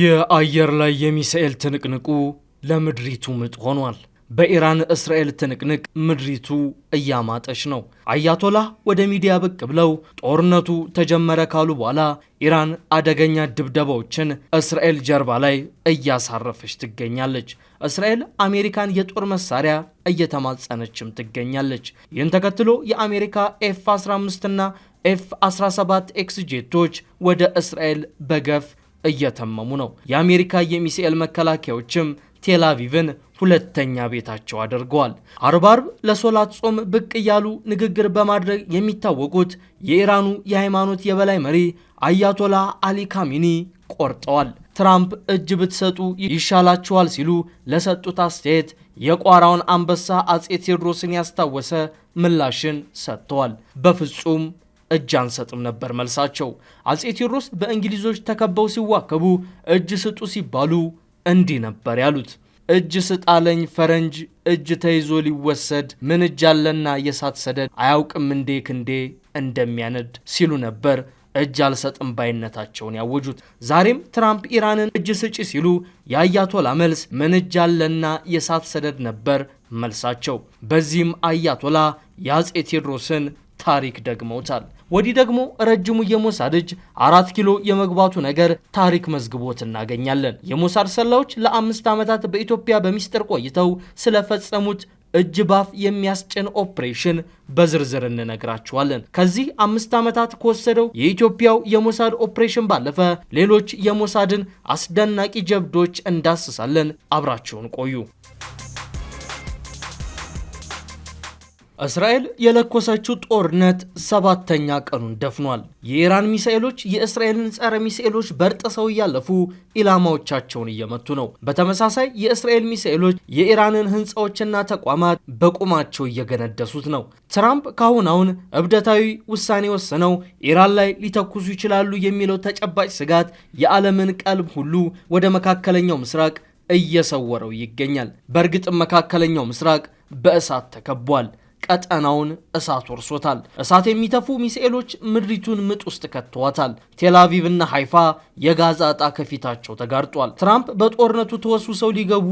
የአየር ላይ የሚሳኤል ትንቅንቁ ለምድሪቱ ምጥ ሆኗል። በኢራን እስራኤል ትንቅንቅ ምድሪቱ እያማጠች ነው። አያቶላህ ወደ ሚዲያ ብቅ ብለው ጦርነቱ ተጀመረ ካሉ በኋላ ኢራን አደገኛ ድብደባዎችን እስራኤል ጀርባ ላይ እያሳረፈች ትገኛለች። እስራኤል አሜሪካን የጦር መሳሪያ እየተማጸነችም ትገኛለች። ይህን ተከትሎ የአሜሪካ ኤፍ 15 እና ኤፍ 17 ኤክስ ጄቶች ወደ እስራኤል በገፍ እየተመሙ ነው። የአሜሪካ የሚሳኤል መከላከያዎችም ቴል አቪቭን ሁለተኛ ቤታቸው አድርገዋል። አርብ አርብ ለሶላት ጾም ብቅ እያሉ ንግግር በማድረግ የሚታወቁት የኢራኑ የሃይማኖት የበላይ መሪ አያቶላ አሊ ካሚኒ ቆርጠዋል። ትራምፕ እጅ ብትሰጡ ይሻላችኋል ሲሉ ለሰጡት አስተያየት የቋራውን አንበሳ አጼ ቴዎድሮስን ያስታወሰ ምላሽን ሰጥተዋል። በፍጹም እጅ አንሰጥም ነበር መልሳቸው። አጼ ቴዎድሮስ በእንግሊዞች ተከበው ሲዋከቡ እጅ ስጡ ሲባሉ እንዲህ ነበር ያሉት። እጅ ስጣለኝ ፈረንጅ እጅ ተይዞ ሊወሰድ ምን እጅ አለና የእሳት ሰደድ አያውቅም እንዴ ክንዴ እንደሚያነድ ሲሉ ነበር እጅ አልሰጥም ባይነታቸውን ያወጁት። ዛሬም ትራምፕ ኢራንን እጅ ስጪ ሲሉ የአያቶላ መልስ ምን እጅ አለና የሳት ሰደድ ነበር መልሳቸው። በዚህም አያቶላ የአጼ ቴዎድሮስን ታሪክ ደግመውታል። ወዲህ ደግሞ ረጅሙ የሞሳድ እጅ አራት ኪሎ የመግባቱ ነገር ታሪክ መዝግቦት እናገኛለን። የሞሳድ ሰላዮች ለአምስት ዓመታት በኢትዮጵያ በሚስጥር ቆይተው ስለፈጸሙት እጅ ባፍ የሚያስጭን ኦፕሬሽን በዝርዝር እንነግራችኋለን። ከዚህ አምስት ዓመታት ከወሰደው የኢትዮጵያው የሞሳድ ኦፕሬሽን ባለፈ ሌሎች የሞሳድን አስደናቂ ጀብዶች እንዳስሳለን። አብራችሁን ቆዩ። እስራኤል የለኮሰችው ጦርነት ሰባተኛ ቀኑን ደፍኗል። የኢራን ሚሳኤሎች የእስራኤልን ጸረ ሚሳኤሎች በርጥሰው እያለፉ ኢላማዎቻቸውን እየመቱ ነው። በተመሳሳይ የእስራኤል ሚሳኤሎች የኢራንን ሕንፃዎችና ተቋማት በቁማቸው እየገነደሱት ነው። ትራምፕ ካሁን አሁን እብደታዊ ውሳኔ ወስነው ኢራን ላይ ሊተኩሱ ይችላሉ የሚለው ተጨባጭ ስጋት የዓለምን ቀልብ ሁሉ ወደ መካከለኛው ምስራቅ እየሰወረው ይገኛል። በእርግጥም መካከለኛው ምስራቅ በእሳት ተከቧል። ቀጠናውን እሳት ወርሶታል። እሳት የሚተፉ ሚሳኤሎች ምድሪቱን ምጥ ውስጥ ከተዋታል። ቴላቪቭና ሃይፋ የጋዛ ዕጣ ከፊታቸው ተጋርጧል። ትራምፕ በጦርነቱ ተወሱ ሰው ሊገቡ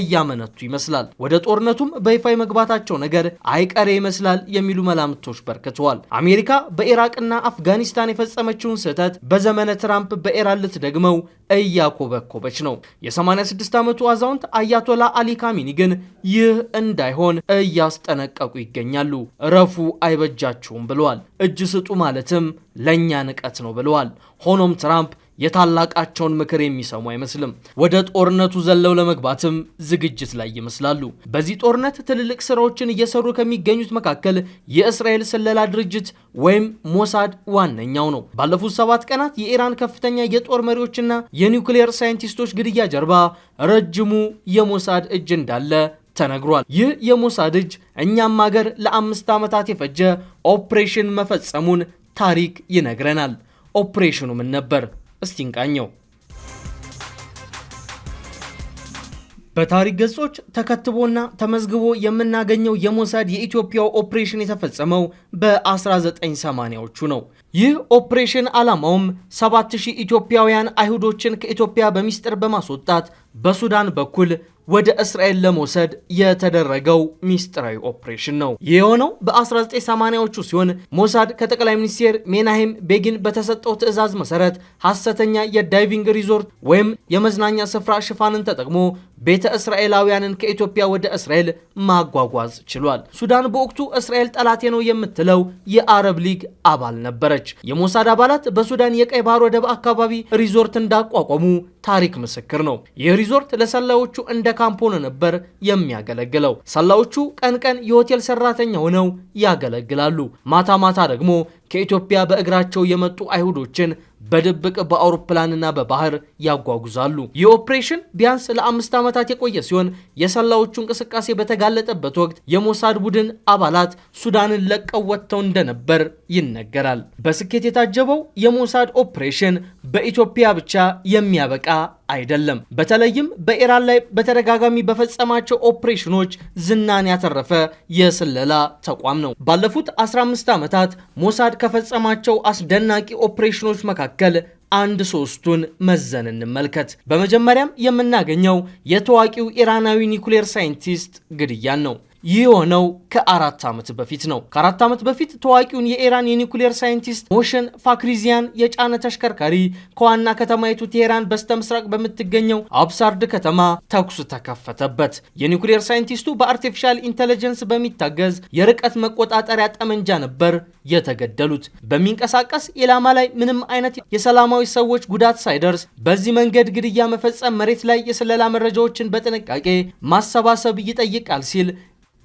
እያመነቱ ይመስላል። ወደ ጦርነቱም በይፋ የመግባታቸው ነገር አይቀሬ ይመስላል የሚሉ መላምቶች በርክተዋል። አሜሪካ በኢራቅና አፍጋኒስታን የፈጸመችውን ስህተት በዘመነ ትራምፕ በኢራን ልትደግመው እያኮበኮበች ነው። የ86 ዓመቱ አዛውንት አያቶላ አሊ ካሚኒ ግን ይህ እንዳይሆን እያስጠነቀቁ ይገኛሉ። እረፉ አይበጃችሁም ብለዋል። እጅ ስጡ ማለትም ለእኛ ንቀት ነው ብለዋል። ሆኖም ትራምፕ የታላቃቸውን ምክር የሚሰሙ አይመስልም። ወደ ጦርነቱ ዘለው ለመግባትም ዝግጅት ላይ ይመስላሉ። በዚህ ጦርነት ትልልቅ ስራዎችን እየሰሩ ከሚገኙት መካከል የእስራኤል ስለላ ድርጅት ወይም ሞሳድ ዋነኛው ነው። ባለፉት ሰባት ቀናት የኢራን ከፍተኛ የጦር መሪዎችና የኒውክሌር ሳይንቲስቶች ግድያ ጀርባ ረጅሙ የሞሳድ እጅ እንዳለ ተነግሯል። ይህ የሞሳድ እጅ እኛም ሀገር ለአምስት ዓመታት የፈጀ ኦፕሬሽን መፈጸሙን ታሪክ ይነግረናል። ኦፕሬሽኑ ምን ነበር? እስቲ እንቃኘው። በታሪክ ገጾች ተከትቦና ተመዝግቦ የምናገኘው የሞሳድ የኢትዮጵያው ኦፕሬሽን የተፈጸመው በ1980ዎቹ ነው። ይህ ኦፕሬሽን ዓላማውም 7000 ኢትዮጵያውያን አይሁዶችን ከኢትዮጵያ በሚስጥር በማስወጣት በሱዳን በኩል ወደ እስራኤል ለመውሰድ የተደረገው ሚስጥራዊ ኦፕሬሽን ነው። ይህ የሆነው በ1980ዎቹ ሲሆን ሞሳድ ከጠቅላይ ሚኒስቴር ሜናሄም ቤጊን በተሰጠው ትዕዛዝ መሰረት ሐሰተኛ የዳይቪንግ ሪዞርት ወይም የመዝናኛ ስፍራ ሽፋንን ተጠቅሞ ቤተ እስራኤላውያንን ከኢትዮጵያ ወደ እስራኤል ማጓጓዝ ችሏል። ሱዳን በወቅቱ እስራኤል ጠላቴ ነው የምትለው የአረብ ሊግ አባል ነበረች። የሞሳድ አባላት በሱዳን የቀይ ባህር ወደብ አካባቢ ሪዞርት እንዳቋቋሙ ታሪክ ምስክር ነው። ይህ ሪዞርት ለሰላዮቹ እንደ ካምፕ ሆኖ ነበር የሚያገለግለው። ሰላዮቹ ቀን ቀን የሆቴል ሰራተኛ ሆነው ያገለግላሉ። ማታ ማታ ደግሞ ከኢትዮጵያ በእግራቸው የመጡ አይሁዶችን በድብቅ በአውሮፕላንና በባህር ያጓጉዛሉ። ይህ ኦፕሬሽን ቢያንስ ለአምስት ዓመታት የቆየ ሲሆን የሰላዎቹ እንቅስቃሴ በተጋለጠበት ወቅት የሞሳድ ቡድን አባላት ሱዳንን ለቀው ወጥተው እንደነበር ይነገራል። በስኬት የታጀበው የሞሳድ ኦፕሬሽን በኢትዮጵያ ብቻ የሚያበቃ አይደለም። በተለይም በኢራን ላይ በተደጋጋሚ በፈጸማቸው ኦፕሬሽኖች ዝናን ያተረፈ የስለላ ተቋም ነው። ባለፉት 15 ዓመታት ሞሳድ ከፈጸማቸው አስደናቂ ኦፕሬሽኖች መካከል አንድ ሶስቱን መዘን እንመልከት። በመጀመሪያም የምናገኘው የታዋቂው ኢራናዊ ኒውክሌር ሳይንቲስት ግድያን ነው። የሆነው ከአራት ዓመት በፊት ነው። ከአራት ዓመት በፊት ታዋቂውን የኢራን የኒኩሌር ሳይንቲስት ሞሽን ፋክሪዚያን የጫነ ተሽከርካሪ ከዋና ከተማይቱ ቴሄራን በስተምስራቅ በምትገኘው አብሳርድ ከተማ ተኩስ ተከፈተበት። የኒኩሌር ሳይንቲስቱ በአርቲፊሻል ኢንቴሊጀንስ በሚታገዝ የርቀት መቆጣጠሪያ ጠመንጃ ነበር የተገደሉት። በሚንቀሳቀስ ኢላማ ላይ ምንም አይነት የሰላማዊ ሰዎች ጉዳት ሳይደርስ በዚህ መንገድ ግድያ መፈጸም መሬት ላይ የስለላ መረጃዎችን በጥንቃቄ ማሰባሰብ ይጠይቃል ሲል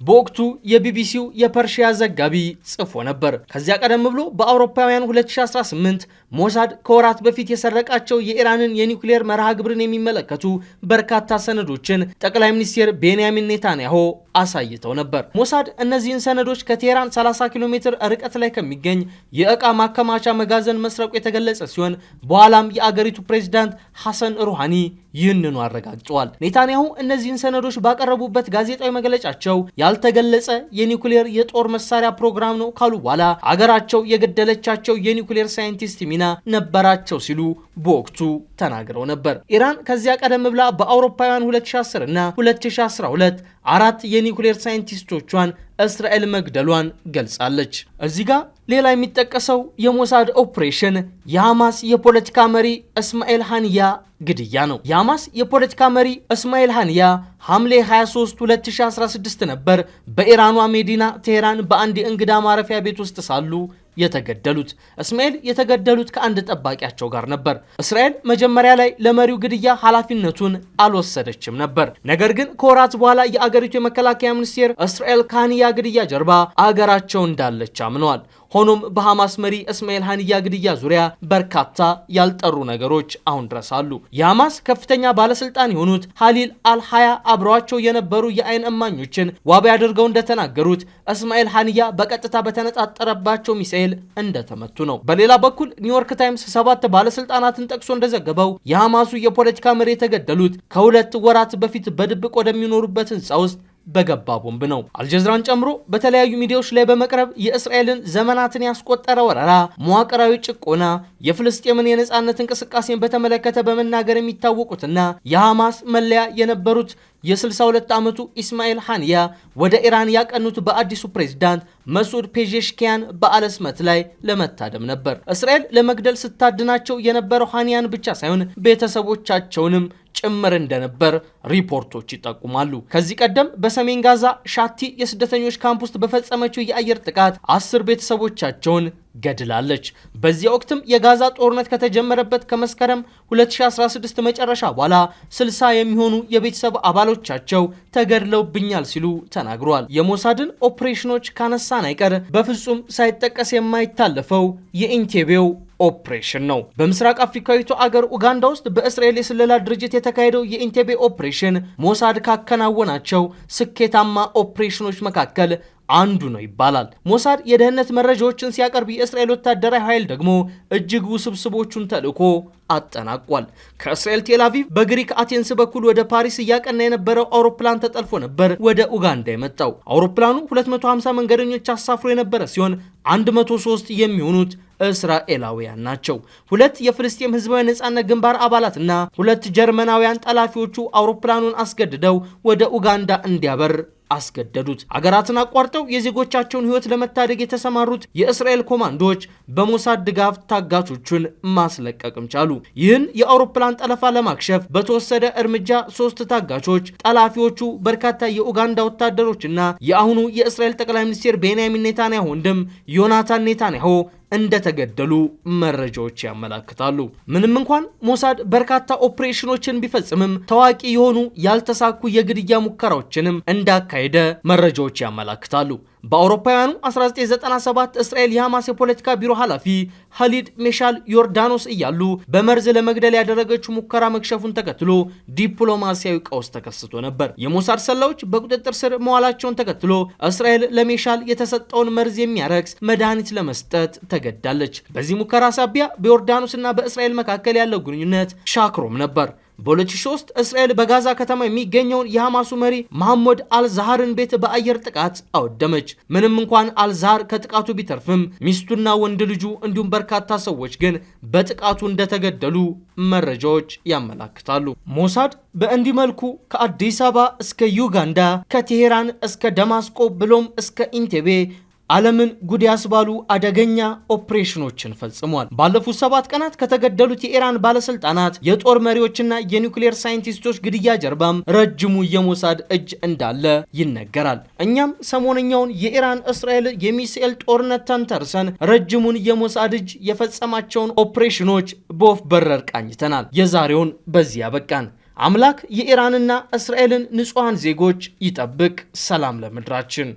በወቅቱ የቢቢሲው የፐርሺያ ዘጋቢ ጽፎ ነበር። ከዚያ ቀደም ብሎ በአውሮፓውያን 2018 ሞሳድ ከወራት በፊት የሰረቃቸው የኢራንን የኒውክሌር መርሃ ግብርን የሚመለከቱ በርካታ ሰነዶችን ጠቅላይ ሚኒስትር ቤንያሚን ኔታንያሁ አሳይተው ነበር። ሞሳድ እነዚህን ሰነዶች ከቴህራን 30 ኪሎ ሜትር ርቀት ላይ ከሚገኝ የእቃ ማከማቻ መጋዘን መስረቁ የተገለጸ ሲሆን በኋላም የአገሪቱ ፕሬዚዳንት ሐሰን ሩሃኒ ይህንኑ አረጋግጠዋል። ኔታንያሁ እነዚህን ሰነዶች ባቀረቡበት ጋዜጣዊ መግለጫቸው ያልተገለጸ የኒውክሌር የጦር መሳሪያ ፕሮግራም ነው ካሉ በኋላ አገራቸው የገደለቻቸው የኒውክሌር ሳይንቲስት ሚና ነበራቸው ሲሉ በወቅቱ ተናግረው ነበር። ኢራን ከዚያ ቀደም ብላ በአውሮፓውያን 2010 እና 2012 አራት የኒውክሌር ሳይንቲስቶቿን እስራኤል መግደሏን ገልጻለች። እዚህ ጋር ሌላ የሚጠቀሰው የሞሳድ ኦፕሬሽን የሐማስ የፖለቲካ መሪ እስማኤል ሃንያ ግድያ ነው። የሐማስ የፖለቲካ መሪ እስማኤል ሃንያ ሐምሌ 23 2016 ነበር በኢራኗ ሜዲና ቴሄራን በአንድ የእንግዳ ማረፊያ ቤት ውስጥ ሳሉ የተገደሉት። እስማኤል የተገደሉት ከአንድ ጠባቂያቸው ጋር ነበር። እስራኤል መጀመሪያ ላይ ለመሪው ግድያ ኃላፊነቱን አልወሰደችም ነበር። ነገር ግን ከወራት በኋላ የአገሪቱ የመከላከያ ሚኒስቴር እስራኤል ካንያ ግድያ ጀርባ አገራቸው እንዳለች አምነዋል። ሆኖም በሐማስ መሪ እስማኤል ሃንያ ግድያ ዙሪያ በርካታ ያልጠሩ ነገሮች አሁን ድረስ አሉ። የሐማስ ከፍተኛ ባለስልጣን የሆኑት ሀሊል አልሃያ አብረዋቸው የነበሩ የአይን እማኞችን ዋቢ አድርገው እንደተናገሩት እስማኤል ሃንያ በቀጥታ በተነጣጠረባቸው ሚሳኤል እንደተመቱ ነው። በሌላ በኩል ኒውዮርክ ታይምስ ሰባት ባለስልጣናትን ጠቅሶ እንደዘገበው የሐማሱ የፖለቲካ መሪ የተገደሉት ከሁለት ወራት በፊት በድብቅ ወደሚኖሩበት ህንፃ ውስጥ በገባ ቦምብ ነው። አልጀዝራን ጨምሮ በተለያዩ ሚዲያዎች ላይ በመቅረብ የእስራኤልን ዘመናትን ያስቆጠረ ወረራ፣ መዋቅራዊ ጭቆና፣ የፍልስጤምን የነጻነት እንቅስቃሴን በተመለከተ በመናገር የሚታወቁትና የሐማስ መለያ የነበሩት የ62 ዓመቱ ኢስማኤል ሃንያ ወደ ኢራን ያቀኑት በአዲሱ ፕሬዝዳንት መስዑድ ፔዜሽኪያን በዓለ ላይ ለመታደም ነበር። እስራኤል ለመግደል ስታድናቸው የነበረው ሃንያን ብቻ ሳይሆን ቤተሰቦቻቸውንም ጭምር እንደነበር ሪፖርቶች ይጠቁማሉ። ከዚህ ቀደም በሰሜን ጋዛ ሻቲ የስደተኞች ካምፕ ውስጥ በፈጸመችው የአየር ጥቃት አስር ቤተሰቦቻቸውን ገድላለች። በዚያ ወቅትም የጋዛ ጦርነት ከተጀመረበት ከመስከረም 2016 መጨረሻ በኋላ 60 የሚሆኑ የቤተሰብ አባሎቻቸው ተገድለውብኛል ሲሉ ተናግሯል። የሞሳድን ኦፕሬሽኖች ካነሳን አይቀር በፍጹም ሳይጠቀስ የማይታለፈው የኢንቴቤው ኦፕሬሽን ነው። በምስራቅ አፍሪካዊቱ አገር ኡጋንዳ ውስጥ በእስራኤል የስለላ ድርጅት የተካሄደው የኢንቴቤ ኦፕሬሽን ሞሳድ ካከናወናቸው ስኬታማ ኦፕሬሽኖች መካከል አንዱ ነው ይባላል። ሞሳድ የደህንነት መረጃዎችን ሲያቀርብ የእስራኤል ወታደራዊ ኃይል ደግሞ እጅግ ውስብስቦቹን ተልዕኮ አጠናቋል። ከእስራኤል ቴልአቪቭ በግሪክ አቴንስ በኩል ወደ ፓሪስ እያቀና የነበረው አውሮፕላን ተጠልፎ ነበር ወደ ኡጋንዳ የመጣው። አውሮፕላኑ 250 መንገደኞች አሳፍሮ የነበረ ሲሆን 103 የሚሆኑት እስራኤላውያን ናቸው። ሁለት የፍልስጤም ህዝባዊ ነጻነት ግንባር አባላትና ሁለት ጀርመናውያን ጠላፊዎቹ አውሮፕላኑን አስገድደው ወደ ኡጋንዳ እንዲያበር አስገደዱት። አገራትን አቋርጠው የዜጎቻቸውን ሕይወት ለመታደግ የተሰማሩት የእስራኤል ኮማንዶዎች በሞሳድ ድጋፍ ታጋቾቹን ማስለቀቅም ቻሉ። ይህን የአውሮፕላን ጠለፋ ለማክሸፍ በተወሰደ እርምጃ ሶስት ታጋቾች ጠላፊዎቹ በርካታ የኡጋንዳ ወታደሮችና የአሁኑ የእስራኤል ጠቅላይ ሚኒስትር ቤንያሚን ኔታንያሁ ወንድም ዮናታን ኔታንያሁ እንደተገደሉ መረጃዎች ያመላክታሉ። ምንም እንኳን ሞሳድ በርካታ ኦፕሬሽኖችን ቢፈጽምም ታዋቂ የሆኑ ያልተሳኩ የግድያ ሙከራዎችንም እንዳካሄደ መረጃዎች ያመላክታሉ። በአውሮፓውያኑ 1997 እስራኤል የሐማስ የፖለቲካ ቢሮ ኃላፊ ሀሊድ ሜሻል ዮርዳኖስ እያሉ በመርዝ ለመግደል ያደረገችው ሙከራ መክሸፉን ተከትሎ ዲፕሎማሲያዊ ቀውስ ተከስቶ ነበር። የሞሳድ ሰላዮች በቁጥጥር ስር መዋላቸውን ተከትሎ እስራኤል ለሜሻል የተሰጠውን መርዝ የሚያረክስ መድኃኒት ለመስጠት ተገዳለች። በዚህ ሙከራ ሳቢያ በዮርዳኖስና በእስራኤል መካከል ያለው ግንኙነት ሻክሮም ነበር። በ2003 እስራኤል በጋዛ ከተማ የሚገኘውን የሐማሱ መሪ መሐመድ አልዛሃርን ቤት በአየር ጥቃት አወደመች። ምንም እንኳን አልዛሃር ከጥቃቱ ቢተርፍም ሚስቱና ወንድ ልጁ እንዲሁም በርካታ ሰዎች ግን በጥቃቱ እንደተገደሉ መረጃዎች ያመላክታሉ። ሞሳድ በእንዲህ መልኩ ከአዲስ አበባ እስከ ዩጋንዳ፣ ከቴሄራን እስከ ደማስቆ ብሎም እስከ ኢንቴቤ ዓለምን ጉድ ያስባሉ አደገኛ ኦፕሬሽኖችን ፈጽሟል። ባለፉት ሰባት ቀናት ከተገደሉት የኢራን ባለስልጣናት፣ የጦር መሪዎችና የኒውክሌር ሳይንቲስቶች ግድያ ጀርባም ረጅሙ የሞሳድ እጅ እንዳለ ይነገራል። እኛም ሰሞነኛውን የኢራን እስራኤል የሚሳኤል ጦርነት ተንተርሰን ረጅሙን የሞሳድ እጅ የፈጸማቸውን ኦፕሬሽኖች በወፍ በረር ቃኝተናል። የዛሬውን በዚህ ያበቃን። አምላክ የኢራንና እስራኤልን ንጹሐን ዜጎች ይጠብቅ። ሰላም ለምድራችን።